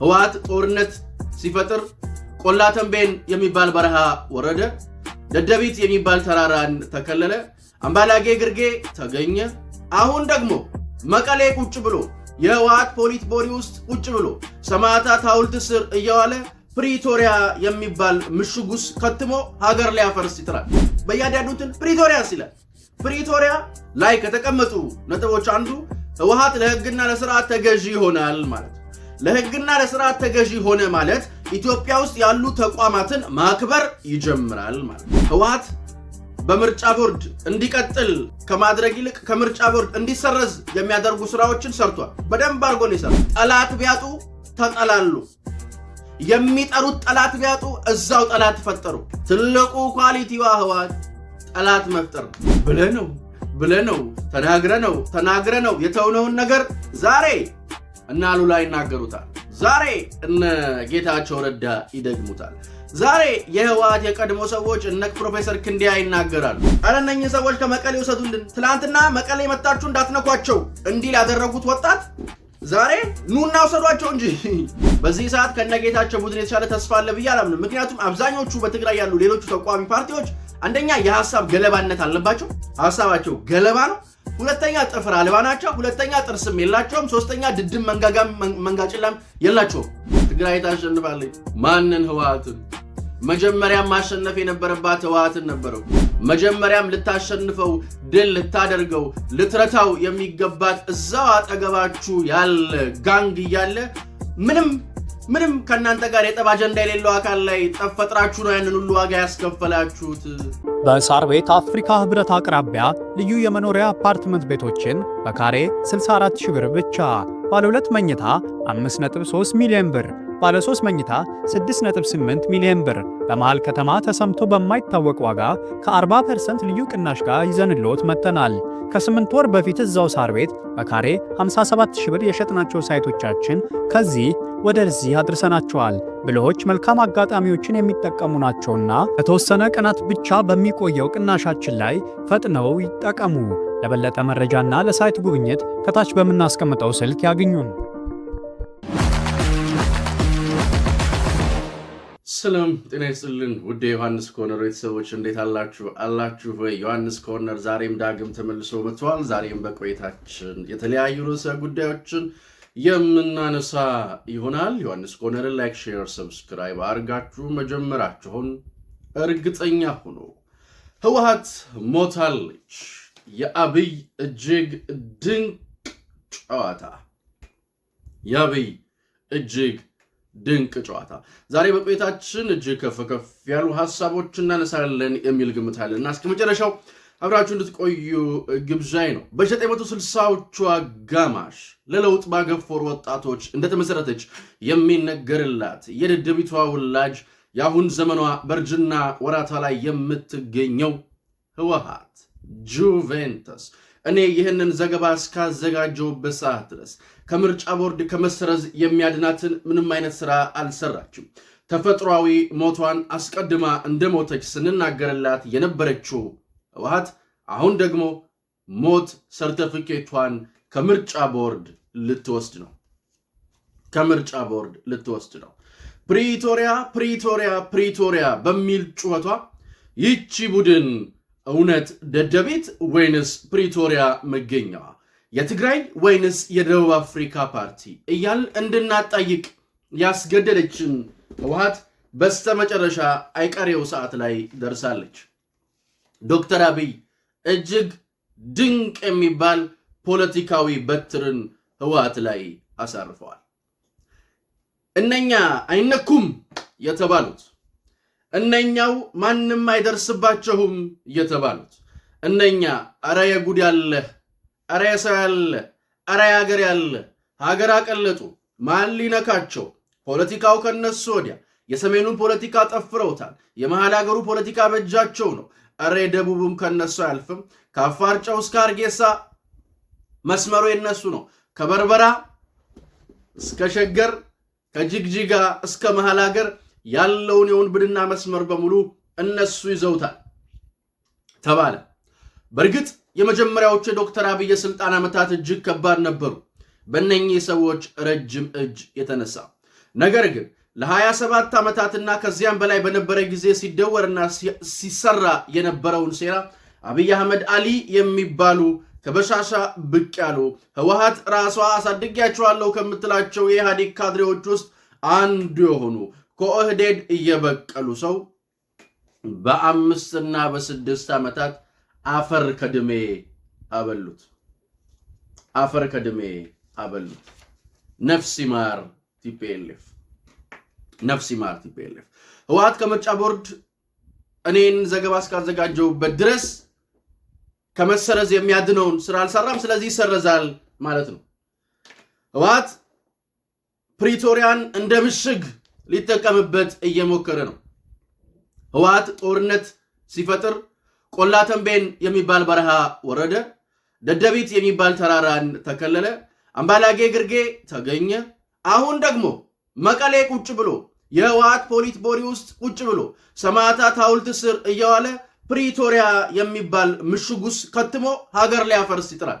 ህወሓት ጦርነት ሲፈጥር ቆላ ተንቤን የሚባል በረሃ ወረደ። ደደቢት የሚባል ተራራን ተከለለ። አምባላጌ ግርጌ ተገኘ። አሁን ደግሞ መቀሌ ቁጭ ብሎ የህወሓት ፖሊት ቦሪ ውስጥ ቁጭ ብሎ ሰማዕታት ሐውልት ስር እየዋለ ፕሪቶሪያ የሚባል ምሽጉስ ከትሞ ሀገር ሊያፈርስ ይጥራል። በያዳዱትን ፕሪቶሪያ ይላል። ፕሪቶሪያ ላይ ከተቀመጡ ነጥቦች አንዱ ህወሓት ለህግና ለስርዓት ተገዢ ይሆናል ማለት ነው። ለህግና ለስርዓት ተገዢ ሆነ ማለት ኢትዮጵያ ውስጥ ያሉ ተቋማትን ማክበር ይጀምራል ማለት ነው። ህወሓት በምርጫ ቦርድ እንዲቀጥል ከማድረግ ይልቅ ከምርጫ ቦርድ እንዲሰረዝ የሚያደርጉ ስራዎችን ሰርቷል። በደንብ አድርጎ ነው የሰራው። ጠላት ቢያጡ ተጠላሉ። የሚጠሩት ጠላት ቢያጡ እዛው ጠላት ፈጠሩ። ትልቁ ኳሊቲዋ ህወሓት ጠላት መፍጠር ብለ ነው ብለ ነው ተናግረ ነው ተናግረ ነው የተውነውን ነገር ዛሬ እነ አሉላ ይናገሩታል። ዛሬ እነ ጌታቸው ረዳ ይደግሙታል። ዛሬ የህወሓት የቀድሞ ሰዎች እነ ፕሮፌሰር ክንዲያ ይናገራሉ። አረ ሰዎች ከመቀሌ ይውሰዱልን፣ ትናንትና መቀሌ መታችሁ እንዳትነኳቸው እንዲል ያደረጉት ወጣት ዛሬ ኑና ውሰዷቸው እንጂ። በዚህ ሰዓት ከነጌታቸው ቡድን የተሻለ ተስፋ አለ ብዬ አላምንም። ምክንያቱም አብዛኞቹ በትግራይ ያሉ ሌሎቹ ተቋሚ ፓርቲዎች አንደኛ የሀሳብ ገለባነት አለባቸው። ሀሳባቸው ገለባ ነው። ሁለተኛ ጥፍር አልባ ናቸው። ሁለተኛ ጥርስም የላቸውም። ሶስተኛ ድድም መንጋጋ መንጋጭላም የላቸውም። ትግራይ ታሸንፋለች። ማንን? ህወሓትን። መጀመሪያም ማሸነፍ የነበረባት ህወሓትን ነበረው። መጀመሪያም ልታሸንፈው ድል ልታደርገው ልትረታው የሚገባት እዛው አጠገባችሁ ያለ ጋንግ እያለ ምንም ምንም ከእናንተ ጋር የጠብ አጀንዳ የሌለው አካል ላይ ጠፈጥራችሁ ነው ያንን ሁሉ ዋጋ ያስከፈላችሁት። በሳር ቤት አፍሪካ ህብረት አቅራቢያ ልዩ የመኖሪያ አፓርትመንት ቤቶችን በካሬ 64 ብር ብቻ፣ ባለ ሁለት መኝታ 5.3 ሚሊዮን ብር፣ ባለ 3 መኝታ 6.8 ሚሊዮን ብር በመሃል ከተማ ተሰምቶ በማይታወቅ ዋጋ ከ40% ልዩ ቅናሽ ጋር ይዘንልዎት መጥተናል። ከስምንት ወር በፊት እዛው ሳር ቤት በካሬ 57000 ብር የሸጥናቸው ሳይቶቻችን ከዚህ ወደዚህ አድርሰናቸዋል። ብልሆች መልካም አጋጣሚዎችን የሚጠቀሙ ናቸውና ከተወሰነ ቀናት ብቻ በሚቆየው ቅናሻችን ላይ ፈጥነው ይጠቀሙ። ለበለጠ መረጃና ለሳይት ጉብኝት ከታች በምናስቀምጠው ስልክ ያግኙን። ሰላም ጤና ይስጥልን። ውድ የዮሐንስ ኮርነር ቤተሰቦች እንዴት አላችሁ? አላችሁ ወይ? ዮሐንስ ኮርነር ዛሬም ዳግም ተመልሶ መጥቷል። ዛሬም በቆይታችን የተለያዩ ርዕሰ ጉዳዮችን የምናነሳ ይሆናል። ዮሐንስ ኮነር ላይክ፣ ሼር፣ ሰብስክራይብ አድርጋችሁ መጀመራችሁን እርግጠኛ ሁኑ። ህወሓት ሞታለች። የአብይ እጅግ ድንቅ ጨዋታ የአብይ እጅግ ድንቅ ጨዋታ። ዛሬ በቆይታችን እጅግ ከፍ ከፍ ያሉ ሀሳቦች እናነሳለን የሚል ግምት አለን እና እስከ መጨረሻው አብራችሁ እንድትቆዩ ግብዣይ ነው። በ1960ዎቹ አጋማሽ ለለውጥ ባገፈሩ ወጣቶች እንደተመሰረተች የሚነገርላት የደደቢቷ ውላጅ የአሁን ዘመኗ በእርጅና ወራቷ ላይ የምትገኘው ህወሓት ጁቬንተስ እኔ ይህንን ዘገባ እስካዘጋጀውበት ሰዓት ድረስ ከምርጫ ቦርድ ከመሰረዝ የሚያድናትን ምንም አይነት ስራ አልሰራችም። ተፈጥሯዊ ሞቷን አስቀድማ እንደሞተች ስንናገርላት የነበረችው ህወሓት አሁን ደግሞ ሞት ሰርተፊኬቷን ከምርጫ ቦርድ ልትወስድ ነው። ከምርጫ ቦርድ ልትወስድ ነው። ፕሪቶሪያ ፕሪቶሪያ ፕሪቶሪያ በሚል ጩኸቷ ይቺ ቡድን እውነት ደደቤት ወይንስ ፕሪቶሪያ መገኛዋ የትግራይ ወይንስ የደቡብ አፍሪካ ፓርቲ እያል እንድናጣይቅ ያስገደደችን ህወሓት በስተመጨረሻ አይቀሬው ሰዓት ላይ ደርሳለች። ዶክተር አብይ እጅግ ድንቅ የሚባል ፖለቲካዊ በትርን ህወሓት ላይ አሳርፈዋል። እነኛ አይነኩም የተባሉት እነኛው ማንም አይደርስባቸውም የተባሉት እነኛ አረ የጉድ ያለህ አረ የሰው ያለህ አረ የሀገር ያለህ ሀገር አቀለጡ ማን ሊነካቸው ፖለቲካው ከነሱ ወዲያ የሰሜኑን ፖለቲካ ጠፍረውታል። የመሀል ሀገሩ ፖለቲካ በእጃቸው ነው። እረ የደቡቡም ከነሱ አያልፍም። ከአፋር ጨው እስከ አርጌሳ መስመሩ የነሱ ነው። ከበርበራ እስከ ሸገር፣ ከጅግጅጋ እስከ መሃል ሀገር ያለውን የውንብድና መስመር በሙሉ እነሱ ይዘውታል ተባለ። በእርግጥ የመጀመሪያዎቹ የዶክተር አብይ የስልጣን ዓመታት እጅግ ከባድ ነበሩ በእነኚህ ሰዎች ረጅም እጅ የተነሳ ነገር ግን ለ27 ዓመታትና ከዚያም በላይ በነበረ ጊዜ ሲደወርና ሲሰራ የነበረውን ሴራ አብይ አህመድ አሊ የሚባሉ ከበሻሻ ብቅ ያሉ ህወሀት ራሷ አሳድጊያቸዋለሁ ከምትላቸው የኢህአዴግ ካድሬዎች ውስጥ አንዱ የሆኑ ከኦህዴድ እየበቀሉ ሰው በአምስትና በስድስት ዓመታት አፈር ከድሜ አበሉት። አፈር ከድሜ አበሉት። ነፍስ ይማር ቲፒኤልኤፍ። ነፍሲ ማለት ቲፒኤልኤፍ ህወሓት ከምርጫ ቦርድ እኔን ዘገባ እስካዘጋጀውበት ድረስ ከመሰረዝ የሚያድነውን ስራ አልሰራም፣ ስለዚህ ይሰረዛል ማለት ነው። ህወሓት ፕሪቶሪያን እንደ ምሽግ ሊጠቀምበት እየሞከረ ነው። ህወሓት ጦርነት ሲፈጥር ቆላ ተንቤን የሚባል በረሃ ወረደ፣ ደደቢት የሚባል ተራራን ተከለለ፣ አምባላጌ ግርጌ ተገኘ። አሁን ደግሞ መቀሌ ቁጭ ብሎ የህወሓት ፖሊት ቦሪ ውስጥ ቁጭ ብሎ ሰማዕታት ሐውልት ስር እየዋለ ፕሪቶሪያ የሚባል ምሽጉስ ከትሞ ሀገር ሊያፈርስ ይጥራል።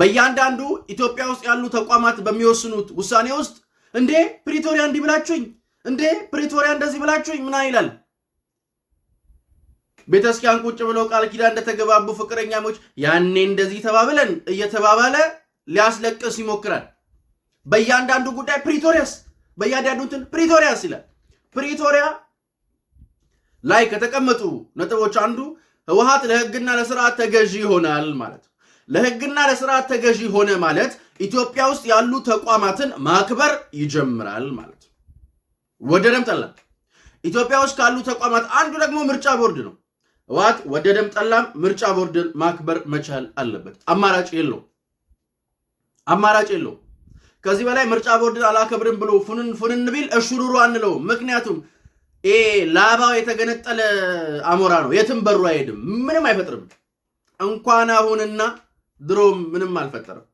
በእያንዳንዱ ኢትዮጵያ ውስጥ ያሉ ተቋማት በሚወስኑት ውሳኔ ውስጥ እንዴ ፕሪቶሪያ እንዲህ ብላችሁኝ፣ እንዴ ፕሪቶሪያ እንደዚህ ብላችሁኝ ምና ይላል። ቤተስኪያን ቁጭ ብለው ቃል ኪዳን እንደተገባቡ ፍቅረኛሞች ያኔ እንደዚህ ተባብለን እየተባባለ ሊያስለቅስ ይሞክራል። በእያንዳንዱ ጉዳይ ፕሪቶሪያስ በእያንዳንዱትን ፕሪቶሪያስ ይላል። ፕሪቶሪያ ላይ ከተቀመጡ ነጥቦች አንዱ ህወሀት ለህግና ለስርዓት ተገዢ ይሆናል ማለት ነው። ለህግና ለስርዓት ተገዢ ሆነ ማለት ኢትዮጵያ ውስጥ ያሉ ተቋማትን ማክበር ይጀምራል ማለት ነው። ወደደም ጠላም ኢትዮጵያ ውስጥ ካሉ ተቋማት አንዱ ደግሞ ምርጫ ቦርድ ነው። ህወሓት ወደደም ጠላም ምርጫ ቦርድን ማክበር መቻል አለበት። አማራጭ የለው አማራጭ የለው ከዚህ በላይ ምርጫ ቦርድ አላከብርም ብሎ ፉንን ፉንን ቢል እሹ አንለው። ምክንያቱም ይሄ ላባው የተገነጠለ አሞራ ነው። የትም በሩ አይሄድም፣ ምንም አይፈጥርም። እንኳን አሁንና ድሮም ምንም አልፈጠረም።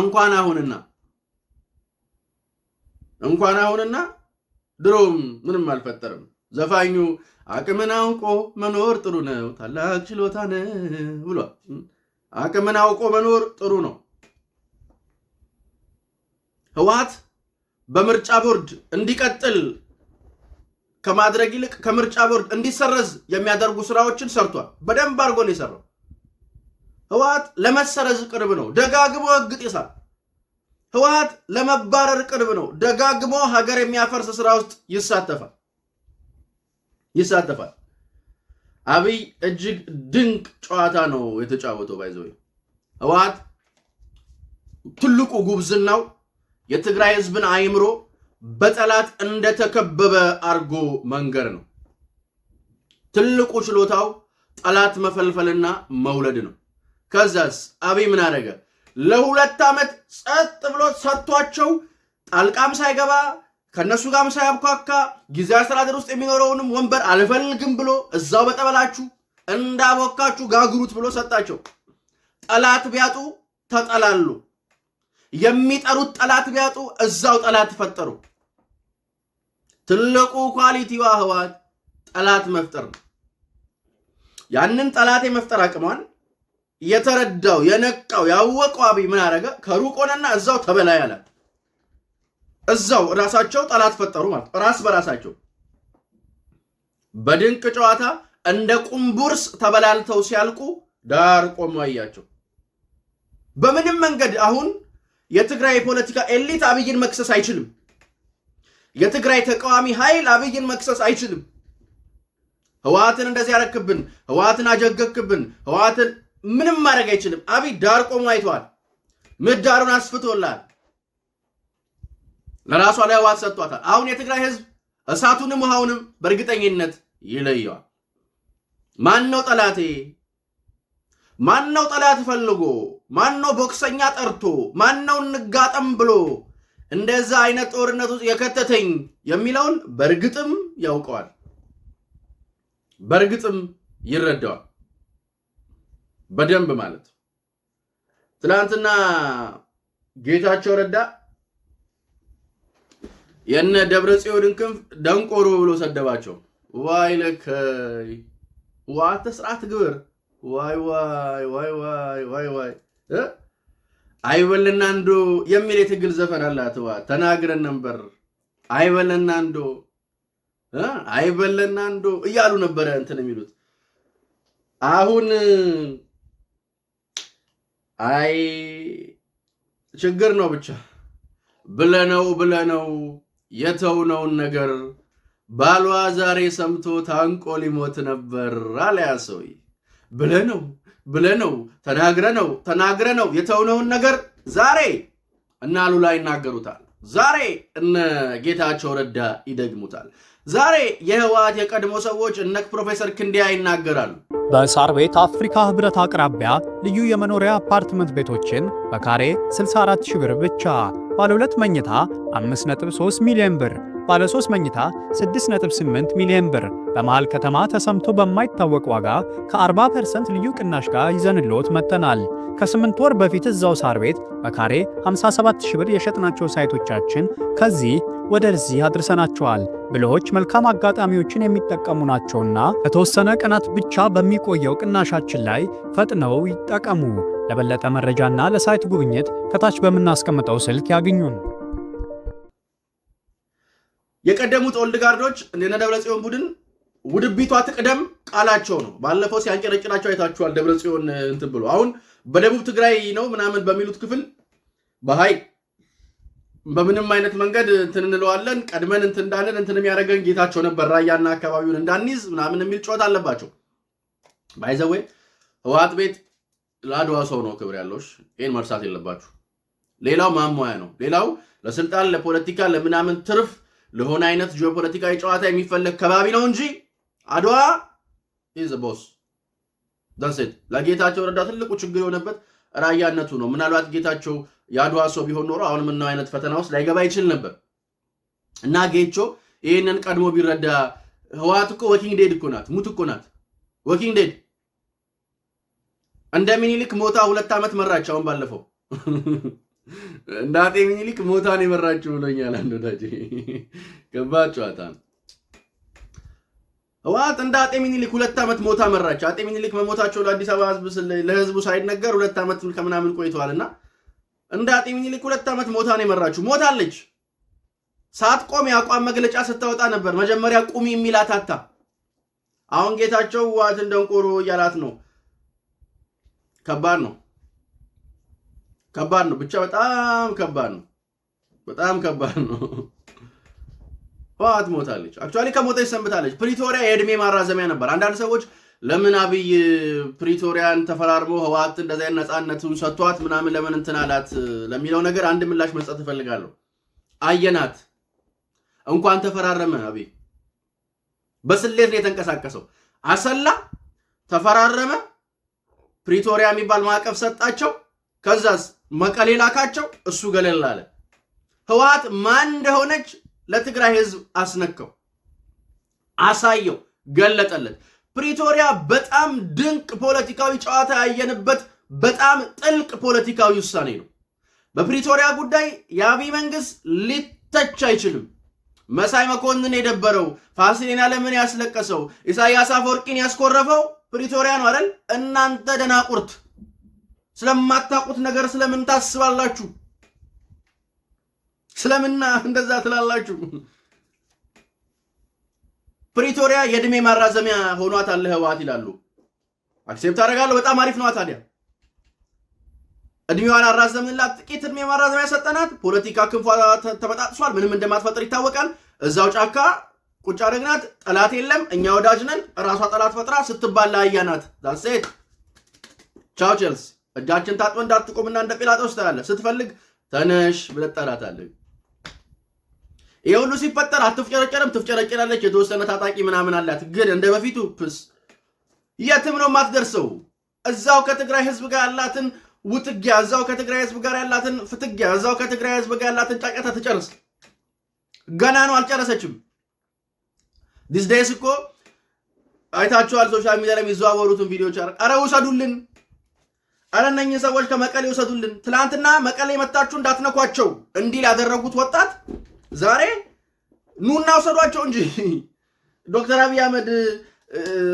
እንኳን አሁንና እንኳን አሁንና ድሮም ምንም አልፈጠርም። ዘፋኙ አቅምን አውቆ መኖር ጥሩ ነው፣ ታላቅ ችሎታ ነው ብሏል። አቅምን አውቆ መኖር ጥሩ ነው ህወሓት በምርጫ ቦርድ እንዲቀጥል ከማድረግ ይልቅ ከምርጫ ቦርድ እንዲሰረዝ የሚያደርጉ ስራዎችን ሰርቷል። በደንብ አድርጎ ነው የሰራው። ህወሓት ለመሰረዝ ቅርብ ነው፣ ደጋግሞ ህግ ይጥሳል። ህወሓት ለመባረር ቅርብ ነው፣ ደጋግሞ ሀገር የሚያፈርስ ስራ ውስጥ ይሳተፋል ይሳተፋል። አብይ እጅግ ድንቅ ጨዋታ ነው የተጫወተው። ባይዘ ህወሓት ትልቁ ጉብዝናው የትግራይ ህዝብን አእምሮ በጠላት እንደተከበበ አርጎ መንገር ነው። ትልቁ ችሎታው ጠላት መፈልፈልና መውለድ ነው። ከዛስ አብይ ምን አደረገ? ለሁለት ዓመት ጸጥ ብሎ ሰጥቷቸው ጣልቃም ሳይገባ ከእነሱ ጋርም ሳያብኳካ ጊዜ አስተዳደር ውስጥ የሚኖረውንም ወንበር አልፈልግም ብሎ እዛው በጠበላችሁ እንዳቦካችሁ ጋግሩት ብሎ ሰጣቸው። ጠላት ቢያጡ ተጠላሉ። የሚጠሩት ጠላት ቢያጡ እዛው ጠላት ፈጠሩ። ትልቁ ኳሊቲዋ ህወሓት ጠላት መፍጠር ነው። ያንን ጠላት የመፍጠር አቅሟን የተረዳው የነቃው ያወቀው አብይ ምን አረገ? ከሩቅ ሆነና እዛው ተበላይ አለ። እዛው ራሳቸው ጠላት ፈጠሩ ማለት ራስ በራሳቸው በድንቅ ጨዋታ እንደ ቁምቡርስ ተበላልተው ሲያልቁ ዳር ቆሞ አያቸው። በምንም መንገድ አሁን የትግራይ የፖለቲካ ኤሊት አብይን መክሰስ አይችልም። የትግራይ ተቃዋሚ ኃይል አብይን መክሰስ አይችልም። ህወሓትን እንደዚህ ያረክብን፣ ህወሓትን አጀገክብን፣ ህወሓትን ምንም ማድረግ አይችልም። አብይ ዳር ቆሞ አይተዋል። ምህዳሩን አስፍቶላል። ለራሷ ላይ ህወሓት ሰጥቷታል። አሁን የትግራይ ህዝብ እሳቱንም ውሃውንም በእርግጠኝነት ይለየዋል። ማን ነው ጠላቴ? ማን ነው ጠላት ፈልጎ ማን ነው ቦክሰኛ ጠርቶ ማን ነው እንጋጠም ብሎ እንደዛ አይነት ጦርነት ውስጥ የከተተኝ የሚለውን በእርግጥም ያውቀዋል፣ በእርግጥም ይረዳዋል በደንብ ማለት ትናንትና ጌታቸው ረዳ የነ ደብረ ጽዮንን ክንፍ ደንቆሮ ብሎ ሰደባቸው። ዋይ ለከይ ዋተ ስርዓት ግብር ዋይ ዋይ ዋይ ዋይ ዋይ ዋይ አይበልና እንዶ የሚል የትግል ዘፈን አላት ተናግረን ነበር። አይበልና እንዶ አይበልና እንዶ እያሉ ነበረ እንትን የሚሉት አሁን አይ ችግር ነው ብቻ ብለነው ብለነው የተውነውን ነገር ባሏ ዛሬ ሰምቶ ታንቆ ሊሞት ነበር አለያ ሰውዬ ብለነው ብለነው ተናግረነው ተናግረነው የተውነውን ነገር ዛሬ እነ አሉላ ይናገሩታል። ዛሬ እነ ጌታቸው ረዳ ይደግሙታል። ዛሬ የህወሓት የቀድሞ ሰዎች እነ ፕሮፌሰር ክንዲያ ይናገራሉ። በሳር ቤት አፍሪካ ህብረት አቅራቢያ ልዩ የመኖሪያ አፓርትመንት ቤቶችን በካሬ 64 ሺህ ብር ብቻ ባለ ሁለት መኝታ 5.3 ሚሊዮን ብር ባለ 3 መኝታ 6.8 ሚሊዮን ብር በመሃል ከተማ ተሰምቶ በማይታወቅ ዋጋ ከ40% ልዩ ቅናሽ ጋር ይዘንልዎት መጥተናል። ከ8 ወር በፊት እዛው ሳር ቤት በካሬ 57000 ብር የሸጥናቸው ሳይቶቻችን ከዚህ ወደዚህ አድርሰናቸዋል። ብልሆች መልካም አጋጣሚዎችን የሚጠቀሙ ናቸውና ከተወሰነ ቀናት ብቻ በሚቆየው ቅናሻችን ላይ ፈጥነው ይጠቀሙ። ለበለጠ መረጃና ለሳይት ጉብኝት ከታች በምናስቀምጠው ስልክ ያግኙን። የቀደሙት ኦልድ ጋርዶች እንደነ ደብረ ጽዮን ቡድን ውድቢቷ ትቅደም ቃላቸው ነው። ባለፈው ሲያንጨረጭራቸው አይታችኋል። ደብረ ጽዮን እንትን ብሎ አሁን በደቡብ ትግራይ ነው ምናምን በሚሉት ክፍል በሀይ በምንም አይነት መንገድ እንትን እንለዋለን ቀድመን እንትን እንዳለን እንትን የሚያደርገን ጌታቸው ነበር ራያና አካባቢውን እንዳንይዝ ምናምን የሚል ጩኸት አለባቸው። ባይዘዌ ህወሓት ቤት ለአድዋ ሰው ነው ክብር ያለውሽ። ይህን መርሳት የለባችሁ። ሌላው ማሟያ ነው። ሌላው ለስልጣን ለፖለቲካ ለምናምን ትርፍ ለሆነ አይነት ጂኦፖለቲካዊ ጨዋታ የሚፈለግ ከባቢ ነው እንጂ አድዋ ኢዝ ቦስ ዳንሴት ለጌታቸው ረዳ ትልቁ ችግር የሆነበት ራያነቱ ነው። ምናልባት ጌታቸው የአድዋ ሰው ቢሆን ኖሮ አሁን ምናው አይነት ፈተና ውስጥ ላይገባ ይችል ነበር እና ጌቾ ይህንን ቀድሞ ቢረዳ ህወሓት እኮ ወኪንግ ዴድ እኮ ናት፣ ሙት እኮ ናት፣ ወኪንግ ዴድ እንደ ሚኒሊክ ሞታ ሁለት ዓመት መራች። አሁን ባለፈው እንደ አጤ ምኒልክ ሞታን የመራችሁ ብሎኛል። አንድ ወዳጅ ገባ ጨዋታ ነው። ህወሓት እንደ አጤ ምኒልክ ሁለት ዓመት ሞታ መራች አጤ ምኒልክ መሞታቸው ለአዲስ አበባ ህዝብ ለህዝቡ ሳይነገር ሁለት ዓመት ከምናምን ቆይተዋልና እንደ አጤ ምኒልክ ሁለት ዓመት ሞታን የመራችሁ ሞታለች። ሳትቆም የአቋም መግለጫ ስታወጣ ነበር። መጀመሪያ ቁሚ የሚላት አታ አሁን ጌታቸው ህወሓትን ደንቆሮ እያላት ነው። ከባድ ነው። ከባድ ነው። ብቻ በጣም ከባድ ነው። በጣም ከባድ ነው። ህወሓት ሞታለች። አክቹዋሊ ከሞተች ሰንብታለች። ፕሪቶሪያ የእድሜ ማራዘሚያ ነበር። አንዳንድ ሰዎች ለምን አብይ ፕሪቶሪያን ተፈራርሞ ህወሓት እንደዚህ አይነት ነፃነቱን ሰጥቷት ምናምን ለምን እንትን አላት ለሚለው ነገር አንድ ምላሽ መስጠት እፈልጋለሁ። አየናት እንኳን ተፈራረመ አብይ በስሌት ነው የተንቀሳቀሰው። አሰላ ተፈራረመ፣ ፕሪቶሪያ የሚባል ማዕቀፍ ሰጣቸው። ከዛስ መቀሌ ላካቸው። እሱ ገለል አለ። ህወሓት ማን እንደሆነች ለትግራይ ህዝብ አስነካው፣ አሳየው፣ ገለጠለት። ፕሪቶሪያ በጣም ድንቅ ፖለቲካዊ ጨዋታ ያየንበት በጣም ጥልቅ ፖለቲካዊ ውሳኔ ነው። በፕሪቶሪያ ጉዳይ የአብይ መንግስት ሊተች አይችልም። መሳይ መኮንን የደበረው ፋሲሌን ለምን ያስለቀሰው ኢሳያስ አፈወርቂን ያስኮረፈው ፕሪቶሪያ ነው አይደል? እናንተ ደናቁርት ስለማታውቁት ነገር ስለምን ታስባላችሁ? ስለምን እንደዛ ትላላችሁ? ፕሪቶሪያ የእድሜ ማራዘሚያ ሆኗታል ህወሓት ይላሉ። አክሴፕት አደርጋለሁ። በጣም አሪፍ ነዋ። ታዲያ እድሜዋን አራዘምንላት። ጥቂት እድሜ ማራዘሚያ ሰጠናት። ፖለቲካ ክንፏ ተበጣጥሷል። ምንም እንደማትፈጥር ይታወቃል። እዛው ጫካ ቁጭ አደረግናት። ጠላት የለም፣ እኛ ወዳጅ ነን። ራሷ ጠላት ፈጥራ ስትባል አህያ ናት። ዳሴት ቻው ቼልሲ እጃችን ታጥበ እንዳትቆምና እንደ ጲላጦስ ትላለህ። ስትፈልግ ተነሽ ብለህ ትጠራታለህ። ይህ ሁሉ ሲፈጠር አትፍጨረጨረም ትፍጨረጨራለች። የተወሰነ ታጣቂ ምናምን አላት፣ ግን እንደ በፊቱ ፕስ የትም ነው የማትደርሰው። እዛው ከትግራይ ህዝብ ጋር ያላትን ውጥጊያ፣ እዛው ከትግራይ ህዝብ ጋር ያላትን ፍትጊያ፣ እዛው ከትግራይ ህዝብ ጋር ያላትን ጫቀታ ትጨርስ። ገና ነው አልጨረሰችም። ዲስ ዴይስ እኮ አይታችኋል፣ ሶሻል ሚዲያ ላይ የሚዘዋወሩትን ቪዲዮች። አረ ውሰዱልን አረ እነኝህ ሰዎች ከመቀሌ ውሰዱልን፣ ትላንትና መቀሌ መታችሁ እንዳትነኳቸው እንዲል ያደረጉት ወጣት ዛሬ ኑና ውሰዷቸው እንጂ ዶክተር አብይ አህመድ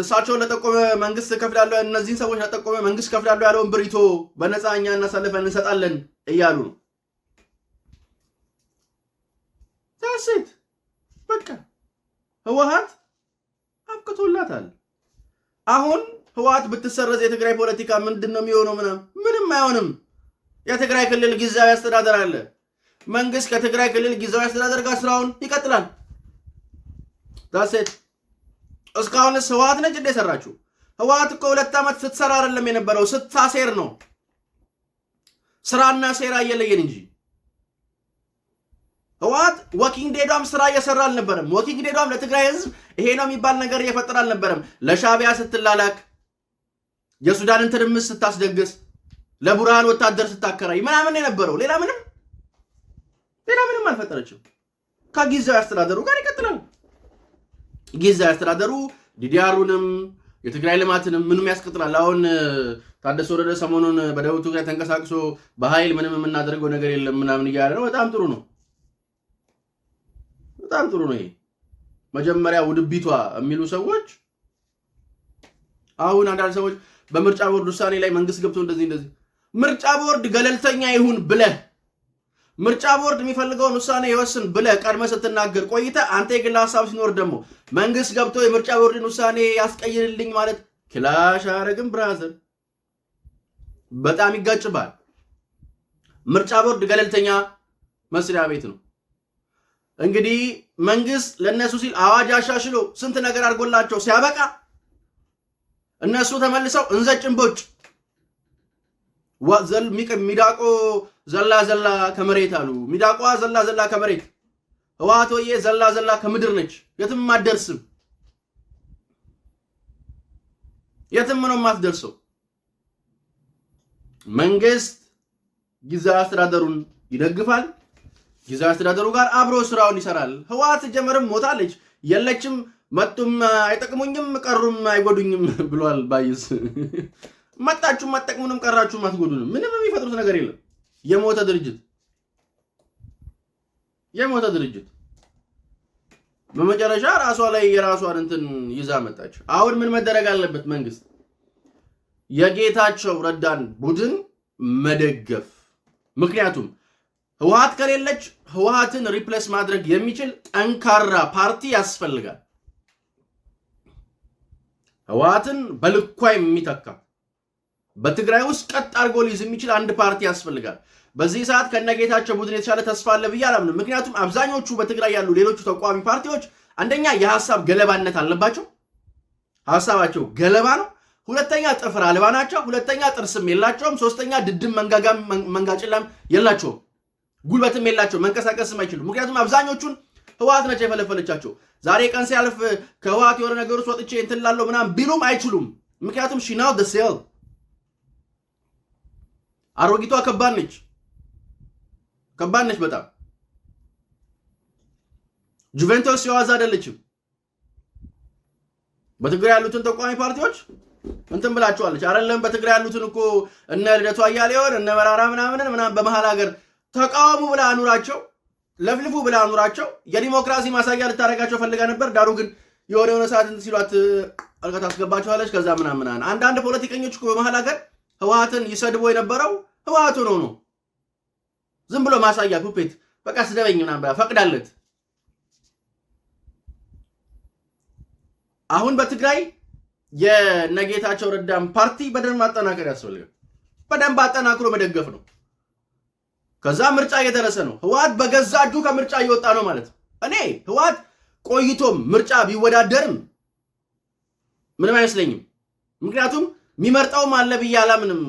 እሳቸውን ለጠቆመ መንግስት ከፍላለሁ፣ እነዚህን ሰዎች ለጠቆመ መንግስት ከፍላለሁ ያለውን ብሪቶ በነፃ እኛ እናሳልፈን እንሰጣለን እያሉ ነው። ሴት በቃ ህወሓት አብቅቶላታል አሁን ህወሓት ብትሰረዝ የትግራይ ፖለቲካ ምንድን ነው የሚሆነው? ምናምን ምንም አይሆንም። የትግራይ ክልል ጊዜያዊ አስተዳደር አለ። መንግስት ከትግራይ ክልል ጊዜያዊ አስተዳደር ጋር ስራውን ይቀጥላል። ዳሴት እስካሁንስ ህወሓት ነች እንደ የሰራችሁ? ህወሓት እኮ ሁለት ዓመት ስትሰራ አይደለም የነበረው ስታሴር ነው። ስራና ሴራ እየለየን እንጂ ህወሓት ወኪንግ ዴዷም ስራ እየሰራ አልነበረም። ወኪንግ ዴዷም ለትግራይ ህዝብ ይሄ ነው የሚባል ነገር እየፈጠረ አልነበረም። ለሻቢያ ስትላላክ የሱዳንን ትርምስ ስታስደግስ፣ ለቡርሃን ወታደር ስታከራይ ምናምን የነበረው ሌላ ምንም ሌላ ምንም አልፈጠረችም። ከጊዜያዊ አስተዳደሩ ጋር ይቀጥላል። ጊዜያዊ አስተዳደሩ ዲዲአሩንም የትግራይ ልማትንም ምንም ያስቀጥላል። አሁን ታደሰ ወረደ ሰሞኑን በደቡብ ትግራይ ተንቀሳቅሶ በኃይል ምንም የምናደርገው ነገር የለም ምናምን እያለ ነው። በጣም ጥሩ ነው፣ በጣም ጥሩ ነው። ይሄ መጀመሪያ ውድቢቷ የሚሉ ሰዎች አሁን አንዳንድ ሰዎች በምርጫ ቦርድ ውሳኔ ላይ መንግስት ገብቶ እንደዚህ እንደዚህ ምርጫ ቦርድ ገለልተኛ ይሁን ብለህ ምርጫ ቦርድ የሚፈልገውን ውሳኔ ይወስን ብለህ ቀድመህ ስትናገር ቆይተህ አንተ የግል ሀሳብ ሲኖር ደግሞ መንግስት ገብቶ የምርጫ ቦርድን ውሳኔ ያስቀይርልኝ ማለት ክላሽ አያረግም? ብራዘር በጣም ይጋጭባል። ምርጫ ቦርድ ገለልተኛ መስሪያ ቤት ነው። እንግዲህ መንግስት ለእነሱ ሲል አዋጅ አሻሽሎ ስንት ነገር አድርጎላቸው ሲያበቃ እነሱ ተመልሰው እንዘጭንቦጭ ሚዳቆ ዘላ ዘላ ከመሬት አሉ። ሚዳቋ ዘላ ዘላ ከመሬት ህወሓት ወዬ ዘላ ዘላ ከምድር ነች። የትም አትደርስም። የትም ነው የማትደርሰው። መንግስት ጊዜያዊ አስተዳደሩን ይደግፋል። ጊዜያዊ አስተዳደሩ ጋር አብሮ ስራውን ይሰራል። ህወሓት ጀመርም ሞታለች የለችም መጡም አይጠቅሙኝም ቀሩም አይጎዱኝም ብሏል ባይስ። መጣችሁም አትጠቅሙንም ቀራችሁም አትጎዱንም። ምንም የሚፈጥሩት ነገር የለም። የሞተ ድርጅት የሞተ ድርጅት በመጨረሻ ራሷ ላይ የራሷን እንትን ይዛ መጣች። አሁን ምን መደረግ አለበት? መንግስት የጌታቸው ረዳን ቡድን መደገፍ። ምክንያቱም ህወሓት ከሌለች ህወሓትን ሪፕሌስ ማድረግ የሚችል ጠንካራ ፓርቲ ያስፈልጋል። ህወሓትን በልኳ የሚተካ በትግራይ ውስጥ ቀጥ አድርጎ ሊይዝ የሚችል አንድ ፓርቲ ያስፈልጋል። በዚህ ሰዓት ከነጌታቸው ቡድን የተሻለ ተስፋ አለ ብዬ አላምንም። ምክንያቱም አብዛኞቹ በትግራይ ያሉ ሌሎቹ ተቋሚ ፓርቲዎች አንደኛ የሀሳብ ገለባነት አለባቸው፣ ሀሳባቸው ገለባ ነው። ሁለተኛ ጥፍር አልባ ናቸው። ሁለተኛ ጥርስም የላቸውም። ሶስተኛ ድድም መንጋጋም መንጋጭላም የላቸውም። ጉልበትም የላቸው መንቀሳቀስም አይችሉም። ምክንያቱም አብዛኞቹን ህወሓት ነች የፈለፈለቻቸው። ዛሬ ቀን ሲያልፍ ከህወሓት የሆነ ነገር ውስጥ ወጥቼ እንትን ላለው ምናምን ቢሉም አይችሉም። ምክንያቱም ሺናው ደሴል አሮጊቷ ከባድ ነች፣ ከባድ ነች በጣም ጁቬንቶስ የዋዛ አይደለችም። በትግራይ ያሉትን ተቋሚ ፓርቲዎች እንትን ብላችኋለች። አይደለም በትግራይ ያሉትን እኮ እነ ልደቱ አያሌውን እነ መራራ ምናምንን ምናምን በመሀል ሀገር ተቃውሙ ብላ አኑራቸው ለፍልፉ ብላ አኑራቸው የዲሞክራሲ ማሳያ ልታደርጋቸው ፈልጋ ነበር። ዳሩ ግን የሆነ የሆነ ሰዓት እንትን ሲሏት አልጋ አስገባችኋለች። ከዛ ምናምናን አንዳንድ ፖለቲከኞች እኮ በመሀል ሀገር ህወሓትን ይሰድቦ የነበረው ህወሓቱ ነው ነው ዝም ብሎ ማሳያ ፑፔት በቃ ስደበኝ ምናምን ፈቅዳለት። አሁን በትግራይ የነጌታቸው ረዳም ፓርቲ በደንብ ማጠናከር ያስፈልጋል። በደንብ አጠናክሮ መደገፍ ነው። ከዛ ምርጫ እየደረሰ ነው። ህወሓት በገዛ እጁ ከምርጫ እየወጣ ነው ማለት እኔ ህወሓት ቆይቶም ምርጫ ቢወዳደርም ምንም አይመስለኝም። ምክንያቱም የሚመርጠውም አለ ብዬ አላምንም።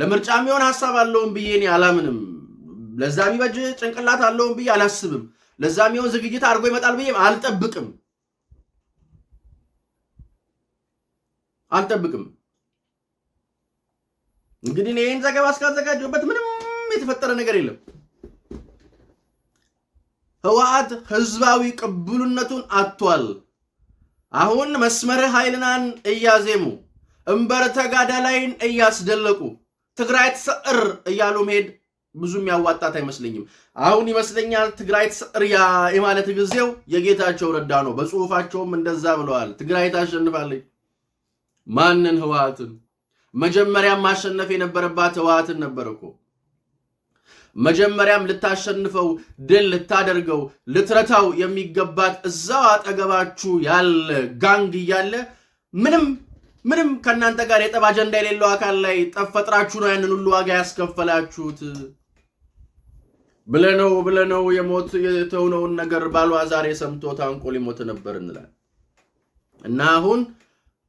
ለምርጫ የሚሆን ሀሳብ አለውም ብዬ እኔ አላምንም። ለዛ የሚበጅ ጭንቅላት አለውም ብዬ አላስብም። ለዛ የሚሆን ዝግጅት አድርጎ ይመጣል ብዬ አልጠብቅም አልጠብቅም። እንግዲህ ይህን ዘገባ እስካዘጋጀሁበት ምንም የተፈጠረ ነገር የለም። ህወሓት ህዝባዊ ቅቡልነቱን አጥቷል። አሁን መስመር ኃይልናን እያዜሙ እምበር ተጋዳላይን እያስደለቁ ትግራይ ትስዕር እያሉ መሄድ ብዙም ያዋጣት አይመስለኝም። አሁን ይመስለኛል ትግራይ ትስዕር የማለት ጊዜው የጌታቸው ረዳ ነው። በጽሁፋቸውም እንደዛ ብለዋል። ትግራይ ታሸንፋለች። ማንን? ህወሓትን። መጀመሪያም ማሸነፍ የነበረባት ህወሓትን ነበር እኮ መጀመሪያም ልታሸንፈው ድል ልታደርገው ልትረታው የሚገባት እዛው አጠገባችሁ ያለ ጋንግ እያለ ምንም ምንም ከእናንተ ጋር የጠብ አጀንዳ የሌለው አካል ላይ ጠፈጥራችሁ ነው ያንን ሁሉ ዋጋ ያስከፈላችሁት። ብለነው ብለነው የሞት የተውነውን ነገር ባሏ ዛሬ ሰምቶ ታንቆ ሊሞት ነበር እንላል እና አሁን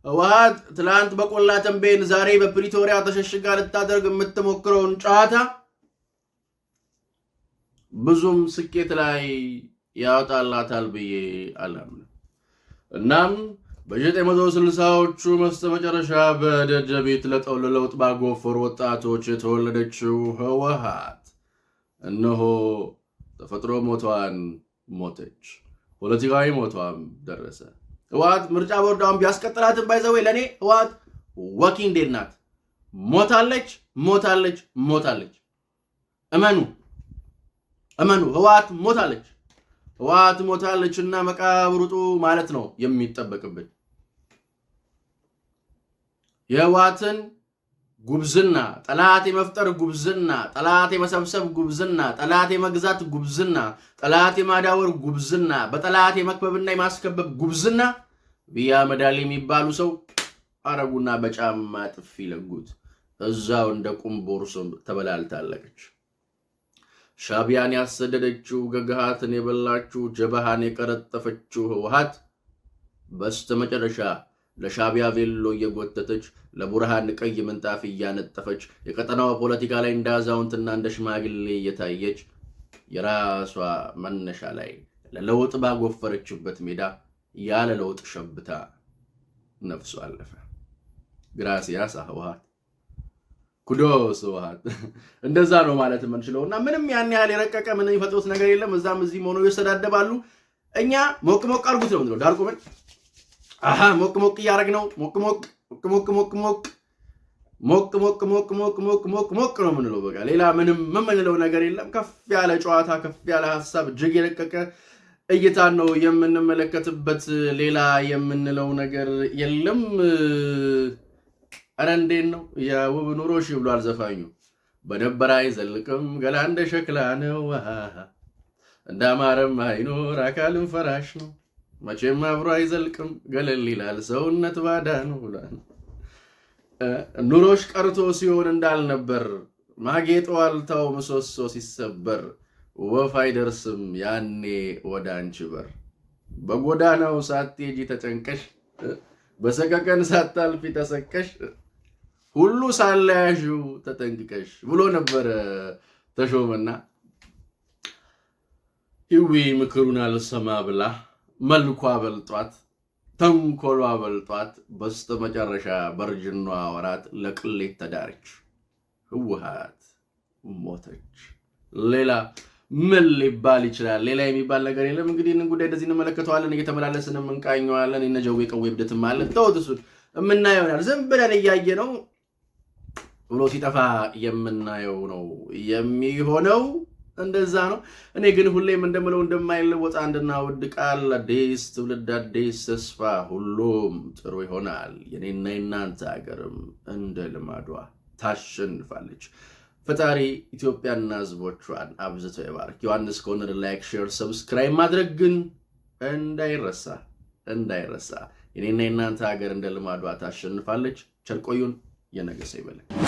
ህወሓት ትላንት በቆላ ተንቤን ዛሬ በፕሪቶሪያ ተሸሽጋ ልታደርግ የምትሞክረውን ጨዋታ ብዙም ስኬት ላይ ያወጣላታል ብዬ አላምንም። እናም በ1960ዎቹ መስተመጨረሻ በደደቢት ለውጥ ባጎፈሩ ወጣቶች የተወለደችው ህወሓት እነሆ ተፈጥሮ ሞቷን ሞተች፣ ፖለቲካዊ ሞቷም ደረሰ። ህወሓት ምርጫ ቦርዷን ቢያስቀጥላትን ባይዘወይ ለእኔ ህወሓት ወኪ እንዴት ናት? ሞታለች፣ ሞታለች፣ ሞታለች። እመኑ። እመኑ፣ ህወሓት ሞታለች። ህወሓት ሞታለች እና መቃብር ውጡ ማለት ነው የሚጠበቅብን። የህወሓትን ጉብዝና፣ ጠላት የመፍጠር ጉብዝና፣ ጠላት የመሰብሰብ ጉብዝና፣ ጠላት የመግዛት ጉብዝና፣ ጠላት የማዳወር ጉብዝና፣ በጠላት የመክበብና የማስከበብ ጉብዝና ቢያ መዳል የሚባሉ ሰው አረጉና በጫማ ጥፊ ይለጉት እዛው እንደ ቁም ቦርሶ ተበላልታለች። ሻቢያን ያሰደደችው ገግሃትን የበላችው ጀበሃን የቀረጠፈችው ህወሓት በስተመጨረሻ ለሻቢያ ቬሎ እየጎተተች ለቡርሃን ቀይ ምንጣፍ እያነጠፈች የቀጠናዋ ፖለቲካ ላይ እንደ አዛውንትና እንደ ሽማግሌ እየታየች የራሷ መነሻ ላይ ለለውጥ ባጎፈረችበት ሜዳ ያለ ለውጥ ሸብታ ነፍሱ አለፈ። ግራሲያስ ህወሓት ኩዶስ ውሃት እንደዛ ነው ማለት የምንችለው እና ምንም ያን ያህል የረቀቀ ምን የሚፈጥሩት ነገር የለም። እዛም እዚህም ሆነው ይሰዳደባሉ። እኛ ሞቅ ሞቅ አድርጉት ነው ምንለው። ዳርቁ ምን አሀ ሞቅ ሞቅ እያደረግ ነው። ሞቅ ሞቅ ሞቅ ሞቅ ሞቅ ሞቅ ሞቅ ሞቅ ሞቅ ሞቅ ሞቅ ሞቅ ነው የምንለው። በቃ ሌላ ምንም የምንለው ነገር የለም። ከፍ ያለ ጨዋታ፣ ከፍ ያለ ሀሳብ፣ እጅግ የረቀቀ እይታ ነው የምንመለከትበት። ሌላ የምንለው ነገር የለም። እረ እንዴት ነው የውብ ኑሮሽ ብሏል ዘፋኙ። በደበራ አይዘልቅም ገላ እንደ ሸክላ ነው። እንዳማረም አይኖር አካልም ፈራሽ ነው። መቼም አብሮ አይዘልቅም ገለል ይላል ሰውነት ባዳ ነው ብሏል። ኑሮሽ ቀርቶ ሲሆን እንዳልነበር ማጌጥ ዋልታው ምሰሶ ሲሰበር ወፍ አይደርስም ያኔ ወደ አንቺ በር። በጎዳናው ሳትሄጂ ተጨንቀሽ፣ በሰቀቀን ሳታልፊ ተሰቀሽ ሁሉ ሳለያሹ ተጠንቅቀሽ ብሎ ነበረ ተሾመና እዊ ምክሩን አልሰማ ብላ መልኳ በልጧት ተንኮሏ በልጧት በስተ መጨረሻ በርጅኗ ወራት ለቅሌት ተዳረች። ህወሓት ሞተች። ሌላ ምን ሊባል ይችላል? ሌላ የሚባል ነገር የለም። እንግዲህ ይህንን ጉዳይ እንደዚህ እንመለከተዋለን፣ እየተመላለስን እንቃኘዋለን። የነጀዌ ቀዌ ብደትም አለን። ተውት እሱን የምናየው ይሆናል። ዝም ብለን እያየ ነው ብሎ ሲጠፋ የምናየው ነው የሚሆነው። እንደዛ ነው። እኔ ግን ሁሌም እንደምለው እንደማይለወጥ አንድና ውድ ቃል፣ አዲስ ትውልድ፣ አዲስ ተስፋ፣ ሁሉም ጥሩ ይሆናል። የኔና የናንተ ሀገርም እንደ ልማዷ ታሸንፋለች። ፈጣሪ ኢትዮጵያና ሕዝቦቿን አብዝቶ ይባርክ። ዮሐንስ ኮርነር ላይክ፣ ሼር፣ ሰብስክራይብ ማድረግ ግን እንዳይረሳ እንዳይረሳ። የኔና የናንተ ሀገር እንደ ልማዷ ታሸንፋለች። ቸርቆዩን የነገሰ ይበለን።